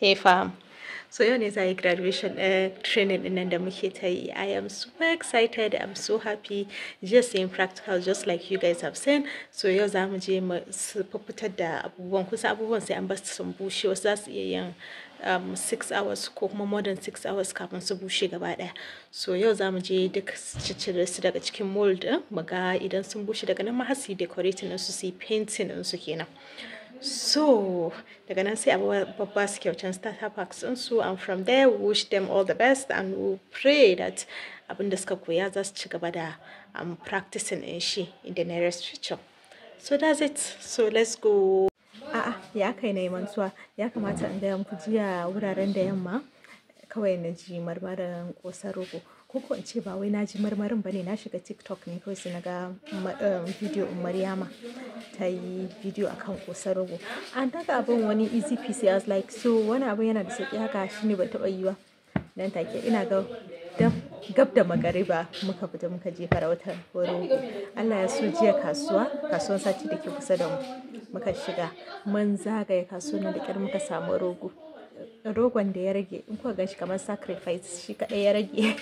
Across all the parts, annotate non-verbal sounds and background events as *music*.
Hey fam! so yon is our graduation uh, training din nan i am super excited i'm so happy just in practical just like you guys have seen so yon za mu je mu fitar da abubuwan kusa abubuwan sai an ba su sun bushe wasu um, six hours ko more than six hours carbon. So bushe gaba daya so yon za mu je duk ciccire su daga mold maga idan sun bushe daga nan ma har su yi decorating su su yi painting su kenan So, daga nan sai babba su kyautan starter in so and from there we wish them all the best and we pray that abinda suka koya za su ci gaba da um, practicing in shi in the nearest future. So that's it. So let's go. A'a, ya kai na mantuwa. Ya kamata in gaya muku jiya wuraren da yamma kawai na ji marmarin ƙosar rogo. ko ko in ce ba wai na ji marmarin ba ne, na shiga TikTok ne kawai sai na ga bidiyo eh, Maryama ta yi a kan ƙosan rogo. An daga abin wani easy peasy as like so wani abin yana da sauki haka shi ne ban taɓa yi ba. Nan take ina ga gab da magariba muka fita muka je farautar rogo. Allah ya so jiya kasuwa, kasuwar sati da ke kusa da mu muka shiga. Mun zagaya kasuwan nan da kyar muka samu rogo. rogon da ya rage in kuka gashi kamar sacrifice shi kadai ya rage *laughs*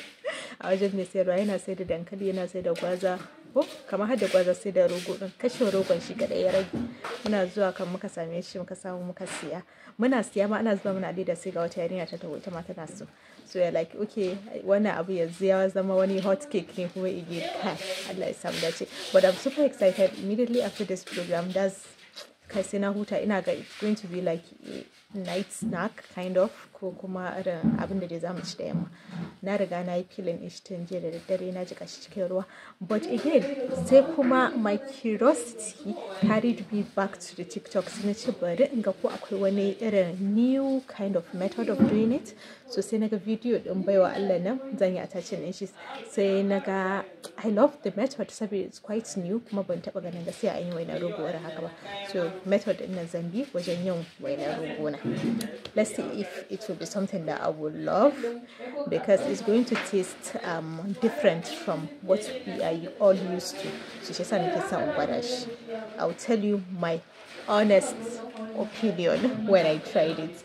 a wajen mai sayarwa yana sai da dankali yana sai da gwaza ko kamar har gwaza sai da rogo din kashin rogon shi kadai ya rage muna zuwa kan muka same shi muka samu muka siya muna siya ma ana zuwa muna da sai ga wata yarinya ta ta ita ma tana so so ya like okay wannan abu yanzu ya zama wani hot cake ne kuma igi ka Allah ya samu dace but I'm super excited immediately after this program that's kai sai na huta ina ga it's going to be like night snack kind of ko kuma irin abin da dai zamu ci da yamma na riga na yi filin ɗin tun jiya da daddare na ji shi cikin ruwa but again sai kuma my curiosity carried me back to the tiktok sai na ci bari in ga ko akwai wani irin new kind of method of doing it so sai na ga video ɗin baiwa Allah nan zan yi attachment ɗin shi sai na ga I love the method saboda it's quite new kuma ban taɓa ganin da sai an yi wainar rogo haka ba so method ɗin nan bi wajen yin wainar rogo na let's see if it it will be something that I will love because it's going to taste um, different from what we are all used to. So she said, I'll tell you my honest opinion when I tried it.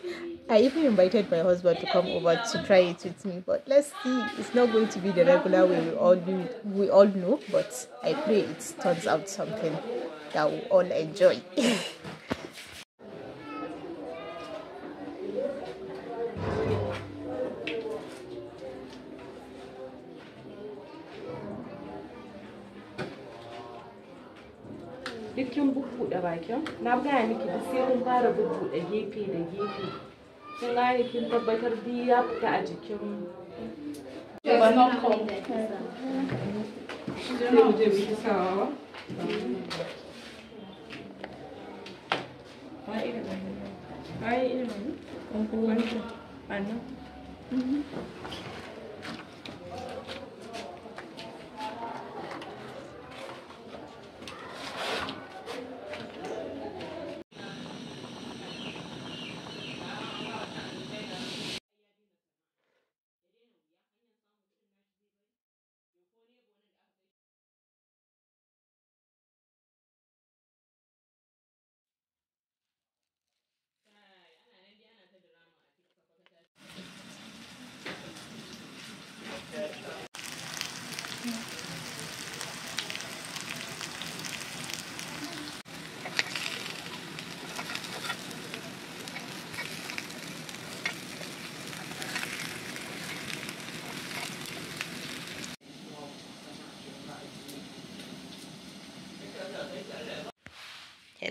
I even invited my husband to come over to try it with me, but let's see. It's not going to be the regular way we all do. We all know, but I pray it turns out something that we all enjoy. *laughs* kin bubbuɗe bakin na gaya miki duk sai kun fara bubbuɗe gefe da gefe kin gane kin tabbatar bi ya fita a jikin Ay,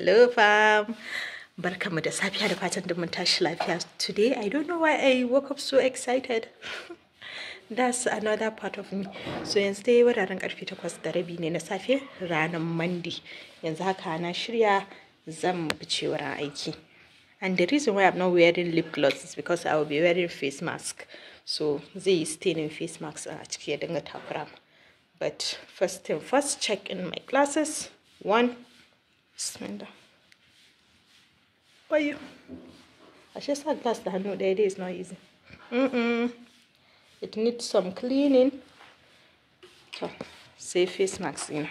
hello fam barkamu da safiya da fatan da montage tashi here today i don't know why i woke up so excited *laughs* that's another part of me so yanzu dai wuraren fit 8 da rabi in a safe ranar monday In Zakana na Zam, zan fice wurin aiki and the reason why i'm not wearing lip gloss is because i will be wearing face mask so zai yi staining face mask a ciki ya dinga but first thing first check in my classes one you? I just had glass that. No, ɗaya day is not easy mm -mm. it needs some cleaning So, sai face mask ina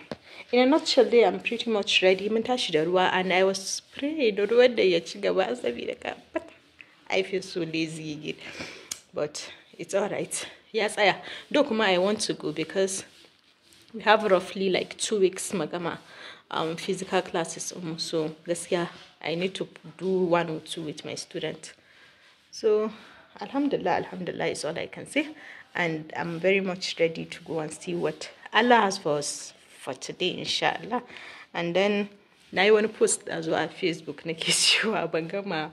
in a nutshell day i'm pretty much ready mun tashi da ruwa and i was praying da ruwan da ya ci a bit ka but i feel so lazy again but it's all right Yes, I. do i want to go because we have roughly like two weeks magama um, physical classes so so year i need to do one or two with my student so alhamdulillah alhamdulillah is all i can say and i'm very much ready to go and see what allah has for us for today inshallah and then now I want to post as well facebook nake *laughs* cewa bangama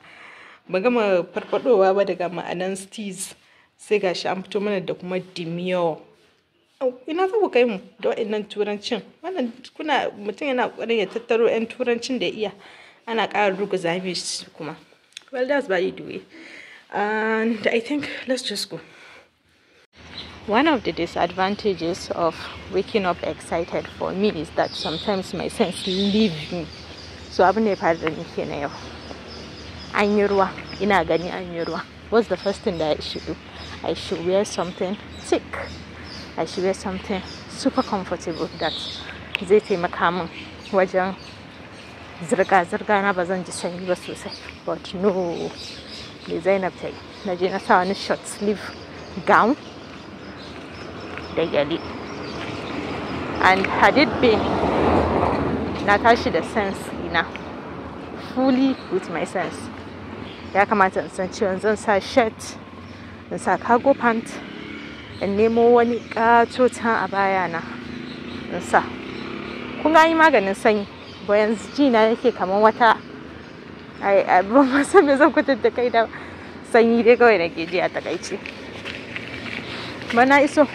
bangama ban gama farfadowa ba daga ma'anan steez sai gashi an fito mana demure ina za ku kai mu da waɗannan turancin wannan kuna mutum yana ƙoƙarin ya tattaro 'yan turancin da iya ana ƙara ruguza mishi kuma well that's by the way and i think let's just go one of the disadvantages of waking up excited for me is that sometimes my sense leave me so abin da ya faru da ni kenan yau an yi ruwa ina gani an yi ruwa what's the first thing that i should do i should wear something thick I should wear something super comfortable that zai taimaka min wajen zirga-zirga na ba zan ji sanyi ba sosai but no da zainab ta yi na je na sa wani short sleeve gown da gyale and hadid been na tashi da sense ina fully with my sense ya kamata in san cewa zan sa shirt in sa cargo pant in nemo wani ta a na in sa kun yi maganin sanyi ba yanzu ji yake kamar wata ai abin ma mai zan kwatar da kai da sanyi dai kawai nake ji a takaice ba na iso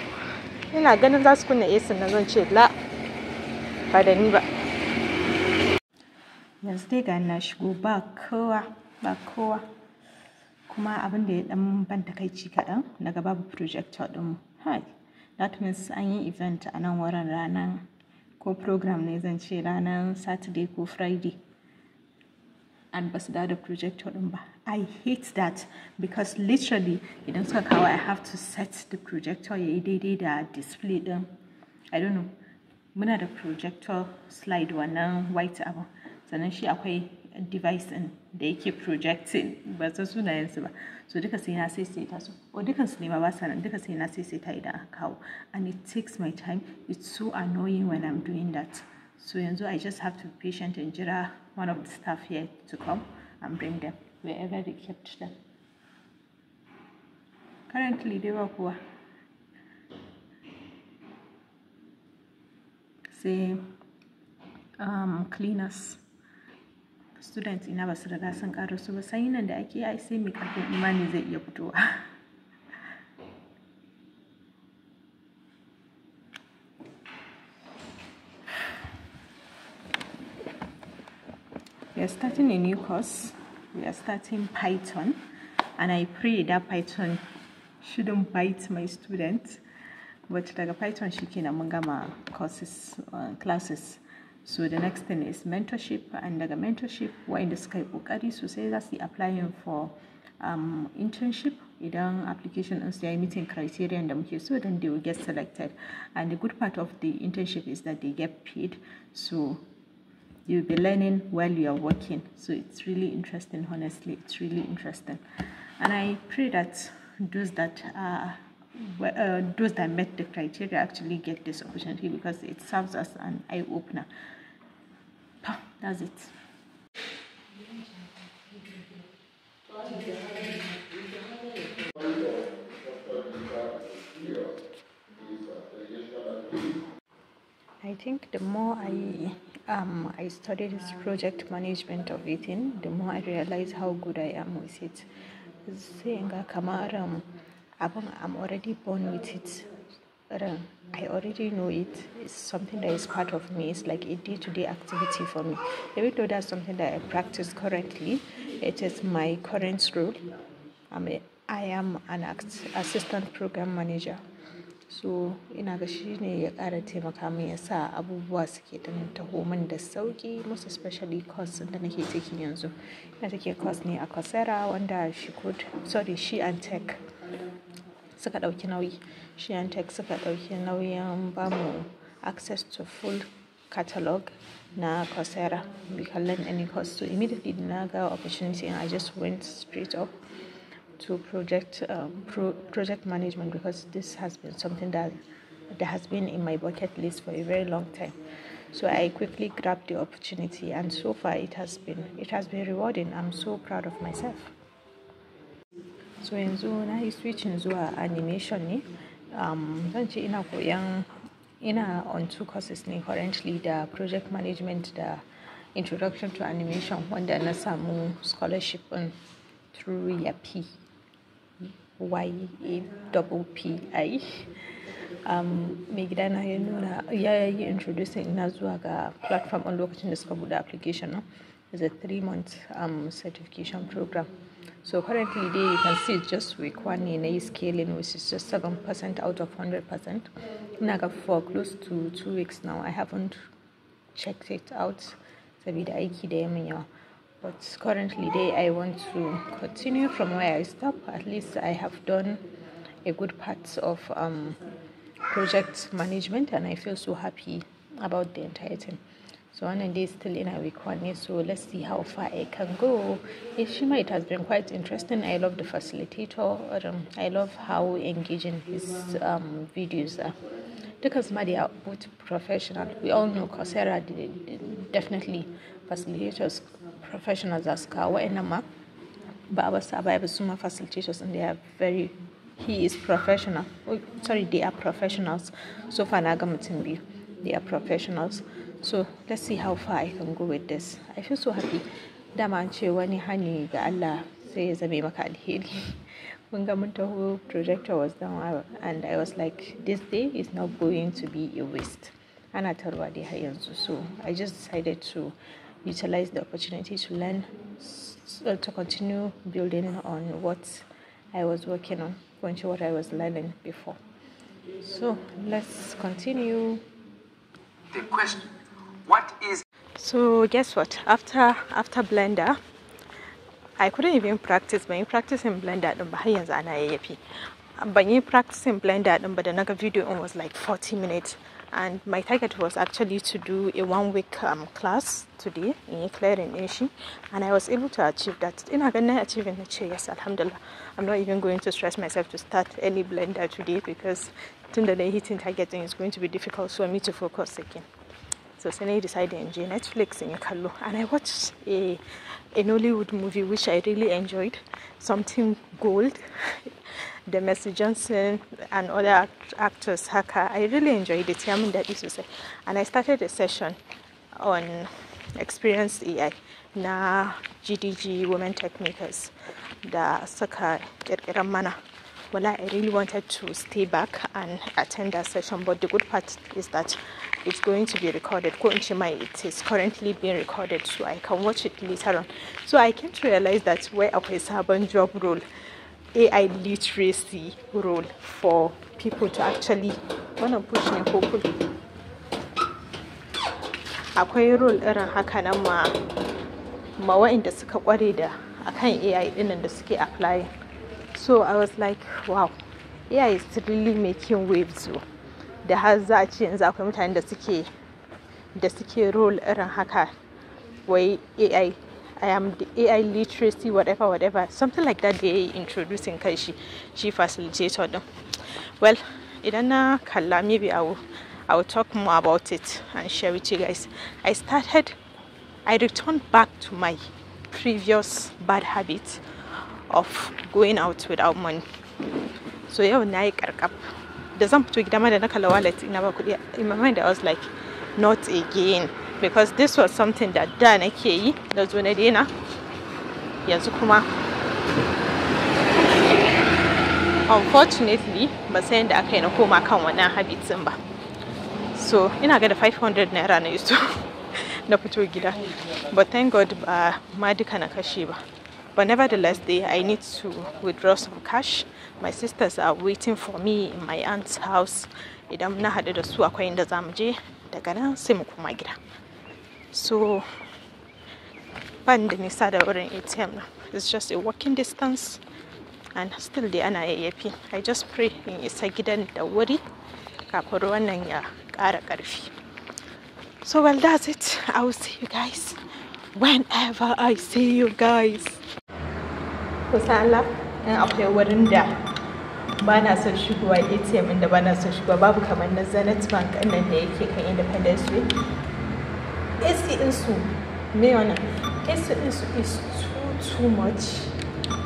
ina ganin za su kunna esin na zan ce la ba da ni ba yanzu dai ga na shigo ba kowa ba kowa Kuma abin da ya ɗan ban takaici kaɗan daga babu projector ɗin, Hai! That means an yi event a nan wurin ranar ko program ne zan ce ranar Saturday ko Friday. an ba su da da projector ɗin ba. I hate that because literally idan suka kawo I have to set the projector ya yi daidai da display ɗin. I don't know. Muna da projector slide wannan white abu. Sannan shi akwai device ɗin da yake projecting ba san sunayensu ba so duka sai na sai sai ta su o oh, dukan su ne ma ba sa nan duka sai na sai sai ta idan aka kawo and it takes my time it's so annoying when I'm doing that so yanzu I just have to be patient and jira one of the staff here to come and bring them wherever they kept them currently dai ba kowa sai um, cleaners student ina ba su riga sun karasu ba sanyi nan da ake yi sai mai karfin imani zai iya fitowa we are starting a new course we are starting python and i pray that python shouldn't bite my students but daga python shi kenan mun gama courses uh, classes so the next thing is mentorship and the mentorship in the Skype, kokari so say that's the applying for um, internship then application and say yayi meeting and da here, so then they will get selected and the good part of the internship is that they get paid so you'll be learning while you are working so it's really interesting honestly it's really interesting and i pray that those that are uh, those that met the criteria actually get this opportunity because it serves as an eye opener. That's it. I think the more I um, I studied this project management of eating, the more I realized how good I am with it. Saying, Kamaram. Um, I'm already born with it. But, uh, I already know it. It's something that is part of me. It's like a day to day activity for me. Even though that's something that I practice currently, it is my current role. I'm a, I am an assistant program manager. So in agashini I ne a team of min who sa abubuwa suke home and the da most especially course da nake taking yanzu. Ina take course ne a Coursera wanda she could sorry she and tech suka ɗauki nauyi Shyantech suka ɗauki nauyin bamu access to full catalog na Coursera. We can learn any course. So immediately na ga opportunity and I just went straight up to project um, pro project management because this has been something that that has been in my bucket list for a very long time. So I quickly grabbed the opportunity and so far it has been it has been rewarding. I'm so proud of myself. So yanzu na yi switching zuwa animation ne. Um, zan ce ina koyan, ina on two courses ne currently da project management da introduction to animation wanda na samu scholarship on through YAPI. Um, mai na ya nuna, ya yi introducing na zuwa ga platform on lokacin da suka buɗe application no? is a three month um, certification program. So currently there you can see just week one in a scaling which is just seven percent out of hundred percent. Naga for close to two weeks now. I haven't checked it out. a bit da yamin yawa. But currently day I want to continue from where I stop. At least I have done a good part of um, project management and I feel so happy about the entire thing. So Anna is still in a week one, so let's see how far I can go. it has been quite interesting. I love the facilitator. Um, I love how engaging his um, videos are. Because they are both professional. We all know Coursera definitely facilitators, professionals as Kawa and Nama. Baba Saba, Suma facilitators, and they are very he is professional. Oh, sorry, they are professionals. So far, Nagamutin, they are professionals so let's see how far I can go with this I feel so happy dama an ce wani hani ga Allah sai ya zame maka alheri kun *laughs* ga mun taho projector was down and I was like this day is not going to be a waste ana tarwa dai har yanzu so I just decided to utilize the opportunity to learn uh, to continue building on what I was working on going to what I was learning before so let's continue the question what is so guess what after after blender I couldn't even practice my practice in blender but ba har yanzu blender din the naga video was like 40 minutes and my target was actually to do a one week um, class today in clearing issue and I was able to achieve that in Agana achieving the chair yes alhamdulillah I'm not even going to stress myself to start any blender today because the hitting target is going to be difficult for me to focus again so so I decided to Netflix in Kalu. And I watched a, a Nollywood movie which I really enjoyed, something gold. the *laughs* Messi Johnson and other act- actors, Haka. I really enjoyed it. I mean, that is to say. And I started a session on experience AI na GDG women techmakers The soccer, kirkiran mana. Well, I really wanted to stay back and attend that session, but the good part is that it's going to be recorded it is currently being recorded so i can watch it later on so i came to realize that where of a servant job role ai literacy role for people to actually wanna push in ko akwai role irin haka nan ma ma wa'inda suka kware da akan ai dinnan da suke applying so i was like wow ai is really making waves though da har za a ce yanzu akwai mutanen da suke da suke role irin haka wai AI I am the AI literacy whatever whatever something like that They introduced and introducing kai shi shi facilitator din well idan na kalla maybe I will, I will talk more about it and share with you guys I started I returned back to my previous bad habit of going out without money so yau na yi karkab da zan fito gida ma da na kalla wallet ina ba kuɗi in my mind I was like not again because this was something that da nake yi da zo na daina yanzu kuma unfortunately ba san yadda aka yi na koma kan wannan habit din ba so ina ga da 500 naira na iso *laughs* na fito gida but thank god ba ma duka na kashe ba but nevertheless they i need to withdraw some cash my sisters are waiting for me in my aunt's house idan na haɗu da su akwai inda za je daga nan sai mu koma gida so ban da nisa da wurin atm na it's just a walking distance and still dai ana yayyafi i just pray in isa gidan da wuri kafin ruwan ya ƙara ƙarfi so well that's it i will see you guys whenever i see you guys kusa Allah in akwai wurin da ba na son shigowa atm inda ba na son shigowa babu kamar na zenith bank nan da yake kan independence way ac su me wannan ac su is too too much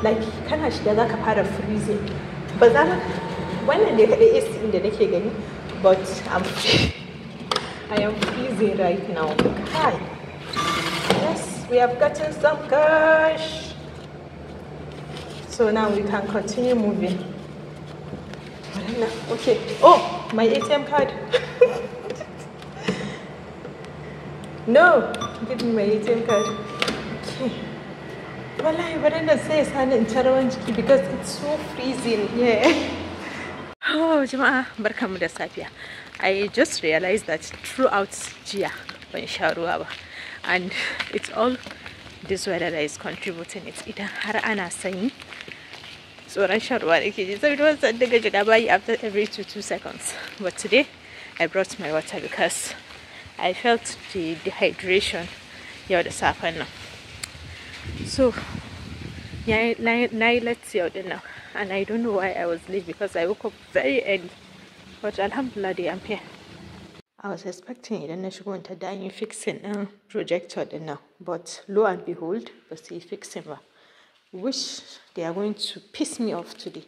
like kana shiga za ka fara freezing ba za wannan ne kaɗai ac inda da nake gani but I'm I am freezing right now. Hi. Yes, we have gotten some cash. So now we can continue moving. *laughs* Okay. Oh, my ATM card. *laughs* no, give me my ATM card. Okay. Wallahi, baranda sai sanin tarawan jiki because it's so freezing here. *laughs* Oh, jama'a, barkamu da safiya. I just realized that throughout jiya ban sha ruwa ba. And it's all this weather that is contributing. It's either har ana sanyi or I shot one kg. So it was a degajadabai after every two two seconds. But today I brought my water because I felt the dehydration You the suffer now. So yeah now let's see out now. And I don't know why I was late because I woke up very early. But Alhamdulillah I'm here. I was expecting idan na shigo ta da an yi fixing ɗin uh, projector ɗin now. but lo and behold the sea fixing ba wish they are going to piss me off today.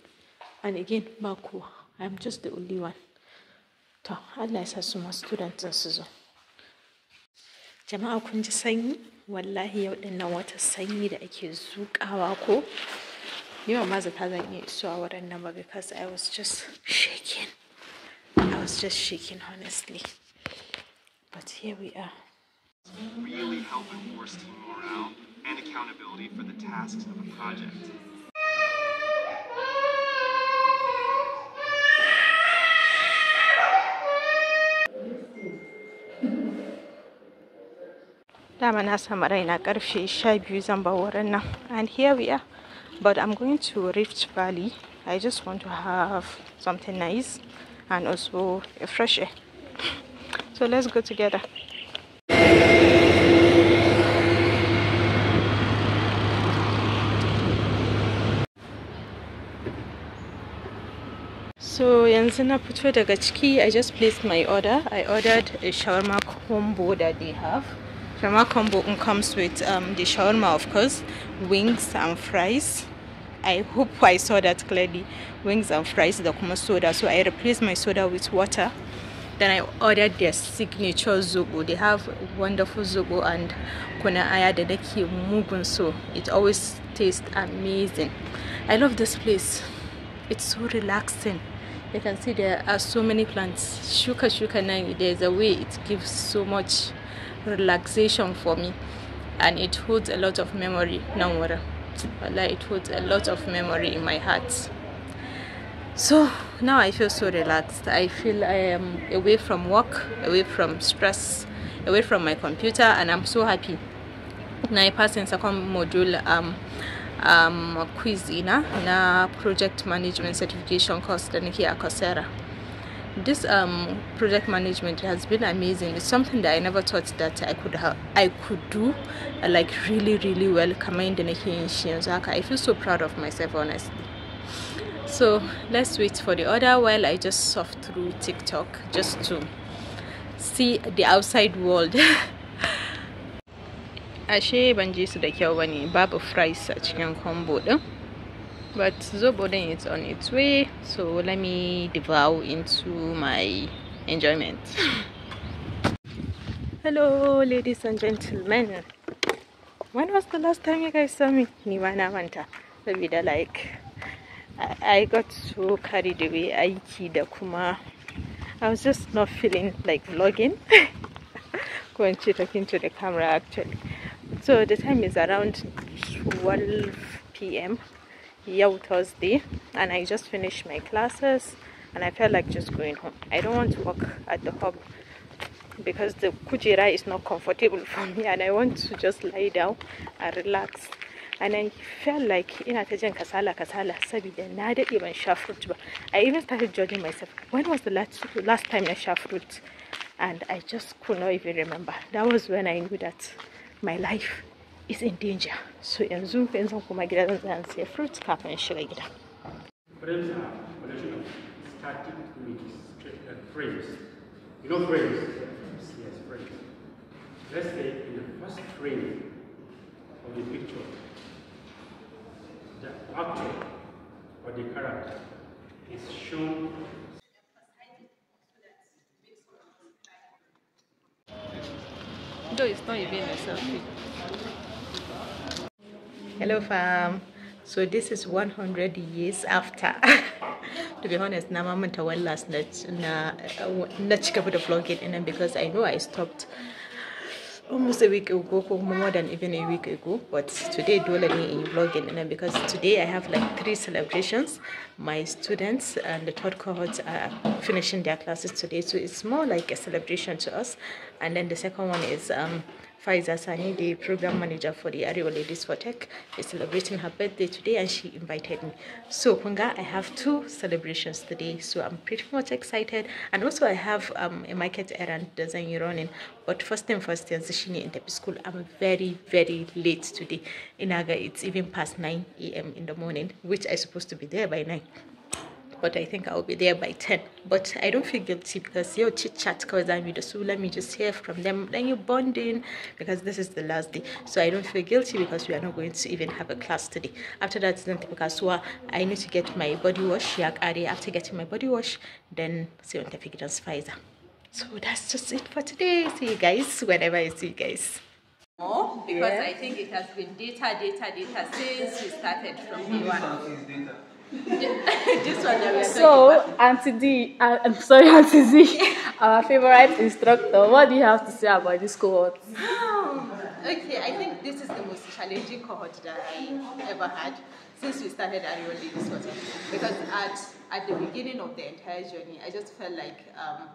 And again, Baku, I'm just the only one. To Allah ya some su ma student su zo. Jama'a kun ji sanyi? Wallahi yau din nan wata sanyi da ake zuƙawa ko? Ni ba ma zata zan iya isuwa wurin nan ba because I was just shaking. I was just shaking honestly. But here we are. Really helping worst morale and accountability for the tasks of a project. dama na sama raina karfe 12 zan bar wurin nan and here we are but i'm going to rift valley i just want to have something nice and also a fresh air so let's go together so yanzu na fito daga ciki i just placed my order i ordered a shawarma combo that they have shawarma combo comes with um, the shawarma of course wings and fries i hope i saw that clearly wings and fries The kuma soda so i replaced my soda with water then i ordered their signature zobo they have wonderful zobo and kuna aya da nake mugun so it always tastes amazing i love this place it's so relaxing you can see there are so many plants shuka shuka now there's a way it gives so much relaxation for me and it holds a lot of memory Namora, Allah it holds a lot of memory in my heart so now I feel so relaxed I feel I am away from work away from stress away from my computer and I'm so happy now I pass in second module um um, quiz na project management certification course da nake Coursera. This um, project management has been amazing. It's something that I never thought that I could I could do uh, like really really well kamar yadda nake I feel so proud of myself honestly. So let's wait for the order while I just soft through TikTok just to see the outside world. *laughs* ashe ban ji su da kyau bane babu fries a cikin combo din but zobo din it's on its way so let me devour into my enjoyment *laughs* hello ladies and gentlemen when was the last time you guys saw me ni ba na manta like I, got so carried away aiki da kuma I was just not feeling like vlogging. going *laughs* to talking to the camera actually so the time is around 12 p.m yeah thursday and i just finished my classes and i felt like just going home i don't want to work at the hub because the kujira is not comfortable *laughs* for me and i want to just lie down and relax and I felt like ina ta jin kasala kasala i na dade ban sha fruit I even started judging myself when was the last last time I share fruit and I just could not even remember that was when I knew that my life is in danger so yanzu zan kuma gida zan zan sai fruits kafin shiga gida uh, You know frames? Uh, yes, frames. Let's say in the first frame of the picture, the actor or the character is shown not even a selfie. Hello fam. So this is 100 years after. *laughs* to be honest, na mama away last night na eh, na chika for the vlog it and then because I know I stopped almost a week ago, more than even a week ago. But today, Dolani in vlogging, uh, and because today I have like three celebrations. My students and the third cohort are finishing their classes today, so it's more like a celebration to us. And then the second one is um, Faiza Sani, the program manager for the Ariwa Ladies for Tech, is celebrating her birthday today and she invited me. So, Punga, I have two celebrations today, so I'm pretty much excited. And also, I have um, a market errand design running. But first thing first, in Zishini and Tepi School, I'm very, very late today. In Aga, it's even past 9 a.m. in the morning, which i supposed to be there by 9 but I think I'll be there by 10. But I don't feel guilty because you chit chat because I'm with so let me just hear from them. Then you bonding because this is the last day. So I don't feel guilty because we are not going to even have a class today. After that, then because I need to get my body wash. After getting my body wash, then see on the Pfizer. So that's just it for today. See you guys whenever I see you guys oh, because yeah. I think it has been data, data, data since we started from day one so, Auntie i uh, I'm sorry, *laughs* Auntie Z, our favorite instructor, what do you have to say about this cohort? *sighs* okay, I think this is the most challenging cohort that I ever had since we started our this was because at at the beginning of the entire journey, I just felt like um,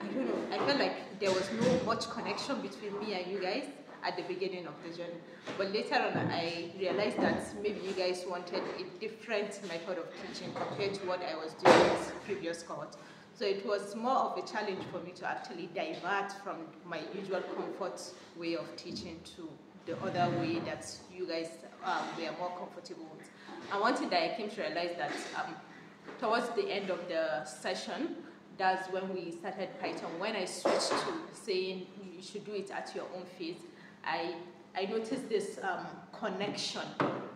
I don't know, I felt like there was no much connection between me and you guys at the beginning of the journey. But later on, I realized that maybe you guys wanted a different method of teaching compared to what I was doing in previous cohort. So it was more of a challenge for me to actually divert from my usual comfort way of teaching to the other way that you guys um, were more comfortable with. And one thing that I came to realize that um, towards the end of the session, that's when we started Python. When I switched to saying you should do it at your own pace, I, I noticed this um, connection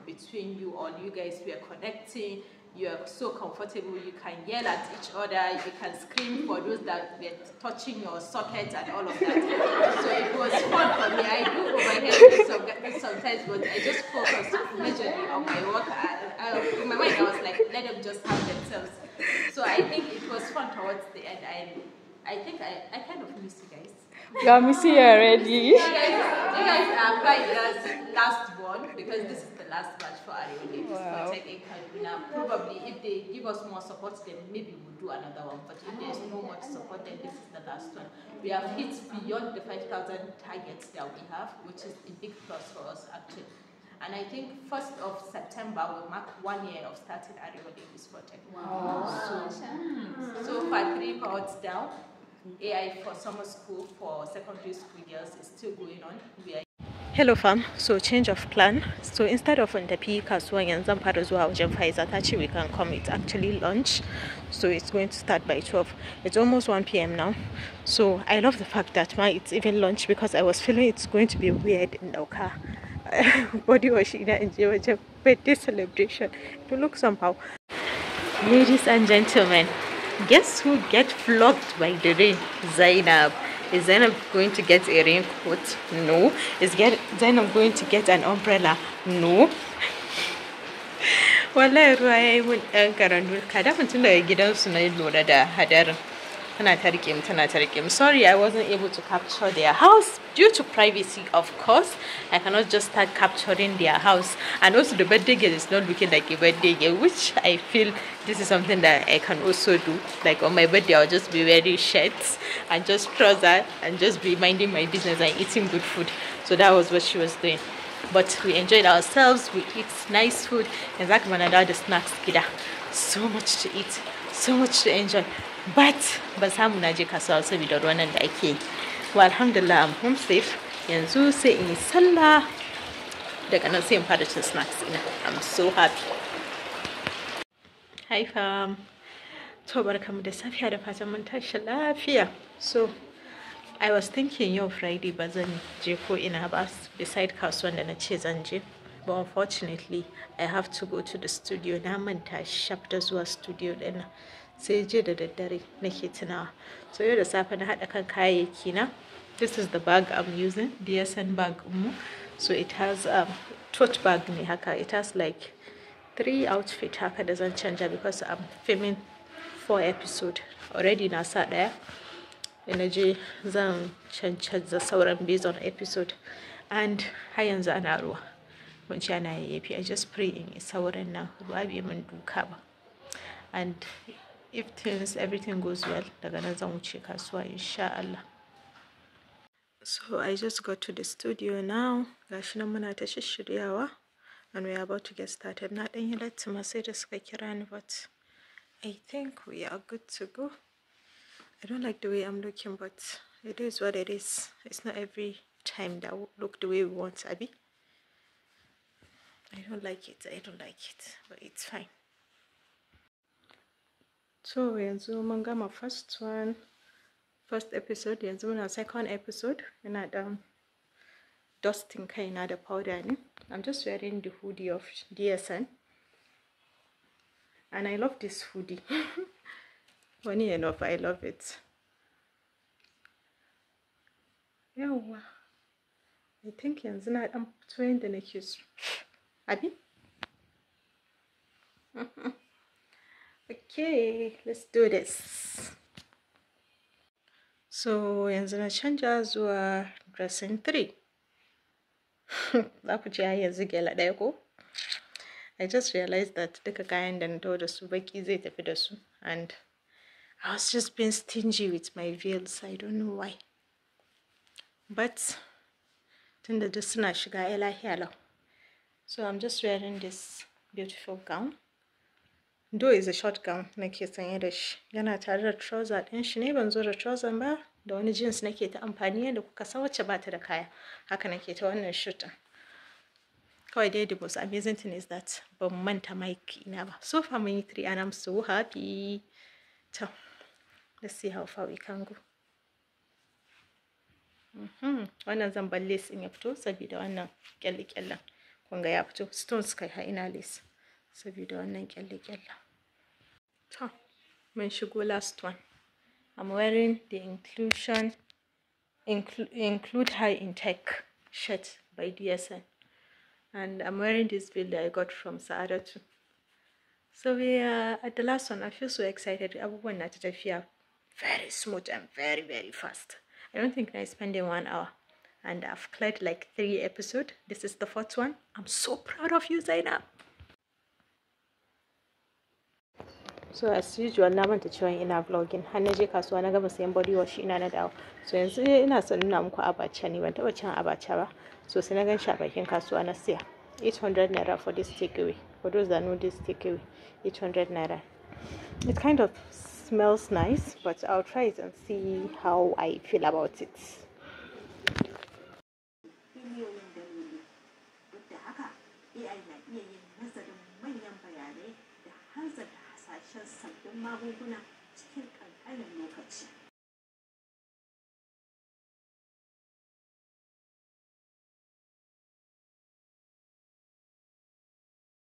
between you all. You guys are connecting. You are so comfortable. You can yell at each other. You can scream for those that are touching your socket and all of that. so it was fun for me. I do overhead sometimes, but I just focused majorly on my work. I, I, in my mind, I was like, let them just have themselves. So I think it was fun towards the end. I, I think I, I kind of miss you guys. You are missing already. you guys, you guys are quite last, last one because this is the last batch for Arione. Wow. Probably if they give us more support, then maybe we'll do another one. But if there's no much support, then this is the last one. We have hit beyond the 5,000 targets that we have, which is a big plus for us actually. And I think 1st of September will mark one year of starting Ariole Davis this project. Wow. wow. So, hmm. so far, three cohorts down. AI for summer school for secondary school girls is still going on. Hello fam, so change of plan. So instead of on tafi kasuwan yanzu zan fara zuwa wajen Faiza we can come it's actually lunch. So it's going to start by 12. It's almost 1 p.m. now. So I love the fact that my it's even lunch because I was feeling it's going to be weird in car. *laughs* Body wash in a birthday celebration. It will look somehow. Ladies and gentlemen, guess who get flogged by the rain zainab is zainab going to get a raincoat no is get zainab going to get an umbrella no *laughs* wallahi yi mun karandul gidansu na lura da hadarin Tana I Tana Tarikim. Sorry, I wasn't able to capture their house due to privacy, of course. I cannot just start capturing their house. And also, the birthday girl is not looking like a birthday girl, which I feel this is something that I can also do. Like on my birthday, I'll just be wearing shirts and just trousers and just be minding my business and eating good food. So that was what she was doing. But we enjoyed ourselves. We eat nice food. In fact, Manada, the snacks, kidah. So much to eat, so much to enjoy. but ban samu na je kasuwa saboda ruwan nan da ake yi wa alhamdulillah am home safe yanzu sai in yi sallah daga nan sai in fara cin snacks ina i'm so happy hi fam to barkamu da safiya da fatan mun tashi lafiya so i was thinking yau friday ba zan je ko ina ba beside kasuwan da na ce zan je but unfortunately i have to go to the studio na manta shafta zuwa studio ɗina. sai je da daddare nake tunawa so yau da safe na haɗa kan kayayyaki na this is the bag I'm using DSN bag mu so it has um, tote bag ne haka it has like three outfit haka da zan canja because I'm filming four episode already na sa ɗaya Ina je zan cancanza sauran based on episode and har yanzu ana ruwa mun ci ana yayyafi i just pray in sauran nan ruwa bai mun duka ba and if things everything goes well daga nan zan wuce kasuwa insha Allah so I just got to the studio now gashi nan muna ta shishiryawa and we are about to get started na dan yi latti ma sai da suka kira ni but I think we are good to go I don't like the way I'm looking but it is what it is it's not every time that we look the way we want abi I don't like it I don't like it but it's fine so yanzu manga my first one first episode yanzu muna second episode yana dan dusting um, kaina powder ne eh? i'm just wearing the hoodie of dsn and i love this hoodie *laughs* funny enough i love it Yeah, i think yanzu na am fito yadda nake so abi *laughs* okay let's do this so the na we zuwa dressing 3 I put ce ai yanzu gela ɗaya I just realized that the kayan da na taho da su baki zai tafi da su and I was just being stingy with my veils I don't know why but tunda duk suna shiga ya lahiya lau so I'm just wearing this beautiful gown Do is a short gown nake sanye da shi. Yana tare da trouser ɗin shi ne ban zo da trouser ba da wani jeans nake ta amfani yadda kuka san wacce ba ta da kaya. Haka nake ta wannan shooting. Kawai dai the most amazing thing is that ban manta mike ina ba. So far mun yi three and I'm so happy. To, let's see how far we can go. Mm-hmm. Wannan zan bar lace in ya fito saboda wannan kyalle-kyallen. Kun ga ya fito stones kai ha ina lace. saboda wannan kyalle-kyallen. when should go last one. I'm wearing the inclusion inclu include high intake shirt by DSN. And I'm wearing this build I got from Sa'ada too. So we are at the last one. I feel so excited. I Abubuwan that I feel very smooth and very, very fast. I don't think I spent in one hour. And I've cleared like three episodes. This is the fourth one. I'm so proud of you, Zainab. so as usual na manta cewa ina vlogging har na je kasuwa na gama sayan body wash ina na dawo so yanzu ina son nuna muku abacha ne ban taba cin abacha ba so sai na gan shi a bakin kasuwa na siya 800 naira for this takeaway for those that know this takeaway 800 naira it kind of smells nice but I'll try it and see how I feel about it Thank you. sassabbin magunguna cikin ƙanƙanin lokaci